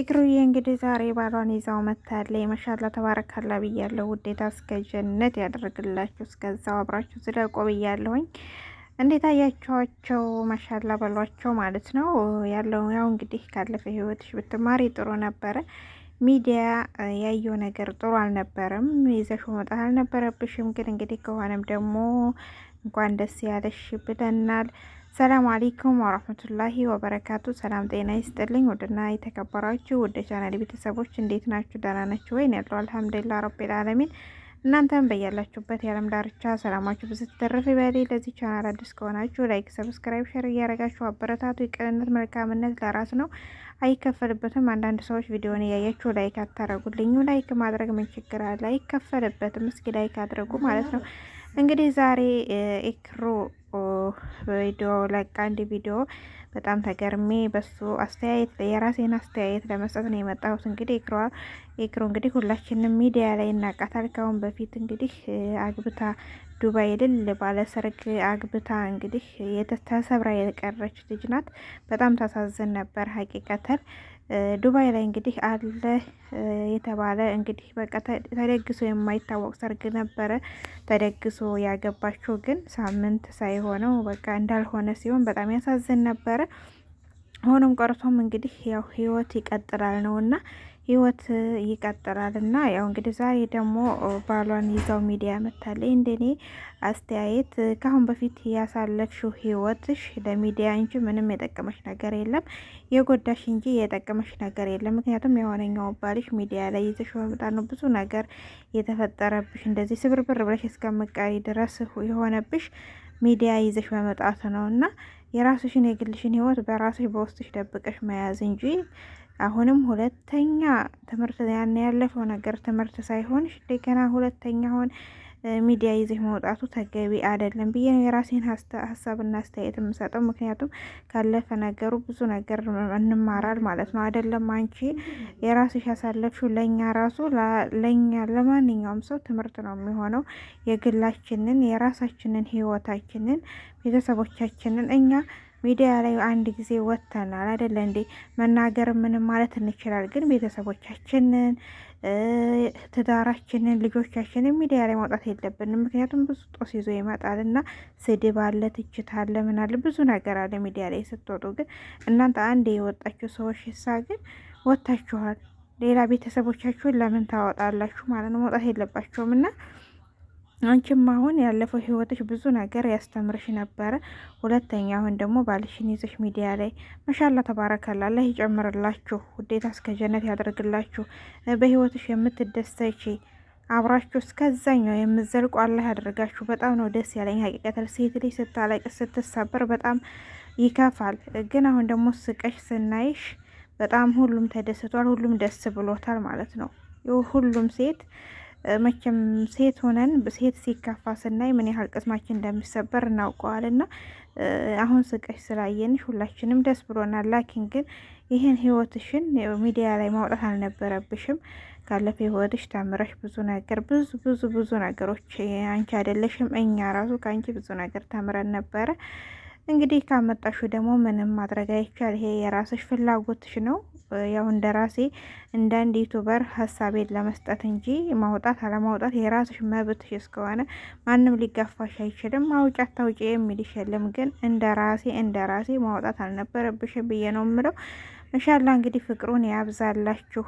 እግሩዬ እንግዲህ ዛሬ ባሏን ይዛው መታለ ማሻአላህ ተባረካላ ብያለሁ። ውዴታ እስከ ጀነት ያደርግላችሁ። እስከዛው አብራችሁ ዝለቆ ብያለሁኝ። እንዴት አያችኋቸው? መሻላ በሏቸው ማለት ነው ያለው። ያው እንግዲህ ካለፈ ህይወትሽ ብትማሪ ጥሩ ነበረ። ሚዲያ ያየው ነገር ጥሩ አልነበረም። ይዘሽው መጣት አልነበረብሽም። ግን እንግዲህ ከሆነም ደግሞ እንኳን ደስ ያለሽ ብለናል። ሰላም አሌይኩም ወራህመቱላሂ ወበረካቱ። ሰላም ጤና ይስጥልኝ። ውድና የተከበራችሁ ውድ ቻናል ቤተሰቦች እንዴት ናችሁ? ደህና ናችሁ ወይ? ያለው አልሐምዱሊላህ ረቢል አለሚን። እናንተም በያላችሁበት የዓለም ዳርቻ ሰላማችሁ ብዙ ተተረፈ ይበል። ለዚህ ቻናል አዲስ ከሆናችሁ ላይክ፣ ሰብስክራይብ፣ ሼር እያደረጋችሁ አበረታቱ። የቅንነት መልካምነት ለራስ ነው፣ አይከፈልበትም። አንዳንድ ሰዎች ቪዲዮን እያያችሁ ላይክ አታረጉልኝም። ላይክ ማድረግ ምን ችግር አለ? አይከፈልበትም። እስኪ ላይክ አድርጉ ማለት ነው እንግዲህ ዛሬ ኤክሮ ቪዲዮ ለቃ አንድ ቪዲዮ በጣም ተገርሜ በሱ አስተያየት የራሴን አስተያየት ለመስጠት ነው የመጣሁት። እንግዲህ ኤክሮ ኤክሮ እንግዲህ ሁላችንም ሚዲያ ላይ እናቃታል። ካሁን በፊት እንግዲህ አግብታ ዱባይ ልል ባለ ሰርግ አግብታ እንግዲህ ተሰብራ የቀረች ልጅ ናት። በጣም ታሳዝን ነበር ሀቂቀተል ዱባይ ላይ እንግዲህ አለ የተባለ እንግዲህ በቃ ተደግሶ የማይታወቅ ሰርግ ነበረ ተደግሶ ያገባችው ግን ሳምንት ሳይሆነው በቃ እንዳልሆነ ሲሆን በጣም ያሳዝን ነበረ። ሆኖም ቀርቶም እንግዲህ ያው ህይወት ይቀጥላል እና ህይወት ይቀጥላል እና ያው እንግዲህ ዛሬ ደግሞ ባሏን ይዛው ሚዲያ መታለች። እንደኔ አስተያየት ከአሁን በፊት ያሳለፍሽው ህይወትሽ ለሚዲያ እንጂ ምንም የጠቀመሽ ነገር የለም፣ የጎዳሽ እንጂ የጠቀመሽ ነገር የለም። ምክንያቱም የሆነኛው ባልሽ ሚዲያ ላይ ይዘሽ በመጣ ነው ብዙ ነገር የተፈጠረብሽ፣ እንደዚህ ስብርብር ብለሽ እስከምቀሪ ድረስ የሆነብሽ ሚዲያ ይዘሽ በመጣት ነው እና የራስሽን የግልሽን ህይወት በራስሽ በውስጥሽ ደብቀሽ መያዝ እንጂ አሁንም ሁለተኛ ትምህርት ያን ያለፈው ነገር ትምህርት ሳይሆን እንደገና ሁለተኛ ሆን ሚዲያ ይዘሽ መውጣቱ ተገቢ አይደለም ብዬ ነው የራሴን ሀሳብና አስተያየት የምሰጠው። ምክንያቱም ካለፈ ነገሩ ብዙ ነገር እንማራል ማለት ነው። አይደለም አንቺ የራስሽ ያሳለፍሽው ለእኛ ራሱ ለእኛ ለማንኛውም ሰው ትምህርት ነው የሚሆነው። የግላችንን የራሳችንን ህይወታችንን ቤተሰቦቻችንን እኛ ሚዲያ ላይ አንድ ጊዜ ወጥተናል አይደለ እንዴ? መናገር ምንም ማለት እንችላል፣ ግን ቤተሰቦቻችንን፣ ትዳራችንን፣ ልጆቻችንን ሚዲያ ላይ ማውጣት የለብንም። ምክንያቱም ብዙ ጦስ ይዞ ይመጣል እና ስድብ አለ፣ ትችት አለ፣ ምን አለ፣ ብዙ ነገር አለ ሚዲያ ላይ ስትወጡ። ግን እናንተ አንድ የወጣችሁ ሰዎች ሳ ግን ወጥታችኋል። ሌላ ቤተሰቦቻችሁን ለምን ታወጣላችሁ ማለት ነው? መውጣት የለባቸውም እና አንቺም አሁን ያለፈው ህይወትሽ ብዙ ነገር ያስተምርሽ ነበረ። ሁለተኛ አሁን ደግሞ ባልሽን ይዘሽ ሚዲያ ላይ መሻላ ተባረካላ። አላህ ይጨምርላችሁ፣ ውዴታ እስከ ጀነት ያደርግላችሁ። በህይወትሽ የምትደሰች አብራችሁ እስከዛኛው የምዘልቁ አላህ ያደርጋችሁ። በጣም ነው ደስ ያለኝ ሀቂቀተል። ሴት ልጅ ስታለቅ ስትሰበር በጣም ይከፋል። ግን አሁን ደግሞ ስቀሽ ስናይሽ በጣም ሁሉም ተደስቷል፣ ሁሉም ደስ ብሎታል ማለት ነው ሁሉም ሴት መቼም ሴት ሆነን ሴት ሲከፋ ስናይ ምን ያህል ቅስማችን እንደሚሰበር እና አሁን ስቀሽ ስላየንሽ ሁላችንም ደስ ብሎናል። ላኪን ግን ይህን ህይወትሽን ሚዲያ ላይ ማውጣት አልነበረብሽም። ካለፈ ህይወትሽ ተምረሽ ብዙ ነገር ብዙ ብዙ ብዙ ነገሮች አንቺ አይደለሽም እኛ ራሱ ከአንቺ ብዙ ነገር ተምረን ነበረ። እንግዲህ ካመጣሹ ደግሞ ምንም ማድረግ አይቻል። ይሄ የራስሽ ፍላጎትሽ ነው። ያው እንደ ራሴ እንደ አንድ ዩቱበር ሀሳቤን ለመስጠት እንጂ ማውጣት አለማውጣት የራስሽ መብትሽ እስከሆነ ማንም ሊጋፋሽ አይችልም። አውጪ ታውጭ የሚልሽ የለም። ግን እንደ ራሴ እንደ ራሴ ማውጣት አልነበረብሽ ብዬ ነው የምለው። እንሻላ እንግዲህ ፍቅሩን ያብዛላችሁ።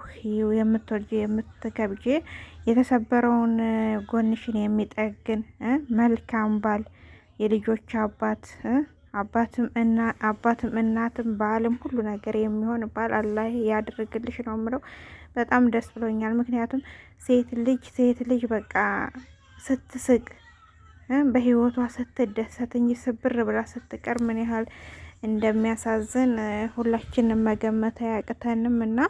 የምትወልጅ የምትከብጅ የተሰበረውን ጎንሽን የሚጠግን መልካም ባል የልጆች አባት አባትም እና አባትም እናትም ባልም ሁሉ ነገር የሚሆን ባል አላህ ያድርግልሽ ነው ምለው። በጣም ደስ ብሎኛል። ምክንያቱም ሴት ልጅ ሴት ልጅ በቃ ስትስቅ በህይወቷ ስትደሰት እንጂ ስብር ብላ ስትቀር ምን ያህል እንደሚያሳዝን ሁላችንም መገመት አያቅተንም እና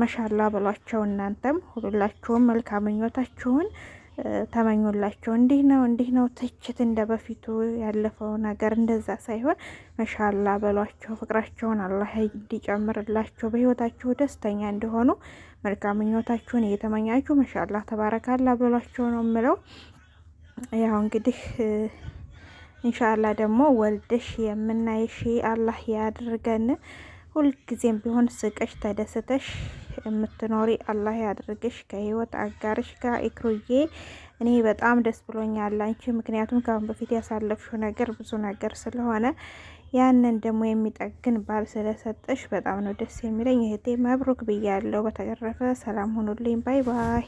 መሻላ ብሏቸው እናንተም ሁላችሁም መልካምኞታችሁን ተመኞላቸው እንዲህ ነው እንዲህ ነው ትችት እንደ በፊቱ ያለፈው ነገር እንደዛ ሳይሆን መሻላ በሏቸው። ፍቅራቸውን አላህ እንዲጨምርላቸው በህይወታቸው ደስተኛ እንደሆኑ መልካም ምኞታችሁን እየተመኛችሁ መሻላ ተባረካላ በሏቸው ነው የምለው። ያው እንግዲህ እንሻላ ደግሞ ወልደሽ የምናይሽ አላህ ያድርገን። ሁልጊዜም ቢሆን ስቀሽ ተደስተሽ የምትኖሪ አላህ ያድርግሽ ከህይወት አጋርሽ ጋር ኢክሩዬ። እኔ በጣም ደስ ብሎኛል አንቺ፣ ምክንያቱም ከአሁን በፊት ያሳለፍሽው ነገር ብዙ ነገር ስለሆነ ያንን ደግሞ የሚጠግን ባል ስለሰጠሽ በጣም ነው ደስ የሚለኝ እህቴ። መብሩክ ብያለሁ። በተረፈ ሰላም ሁኑልኝ። ባይ ባይ።